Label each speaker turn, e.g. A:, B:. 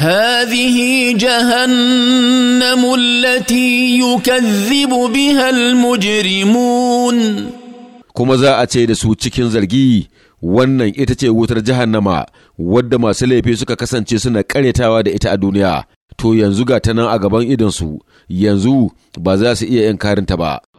A: هذه جهنم التي يكذب بها المجرمون
B: kuma za a ce da su cikin zargi wannan ita ce wutar jahannama wadda masu laifi suka kasance suna karyatawa da ita a duniya to yanzu ga ta nan a gaban su yanzu ba za su
C: iya inkarinta ba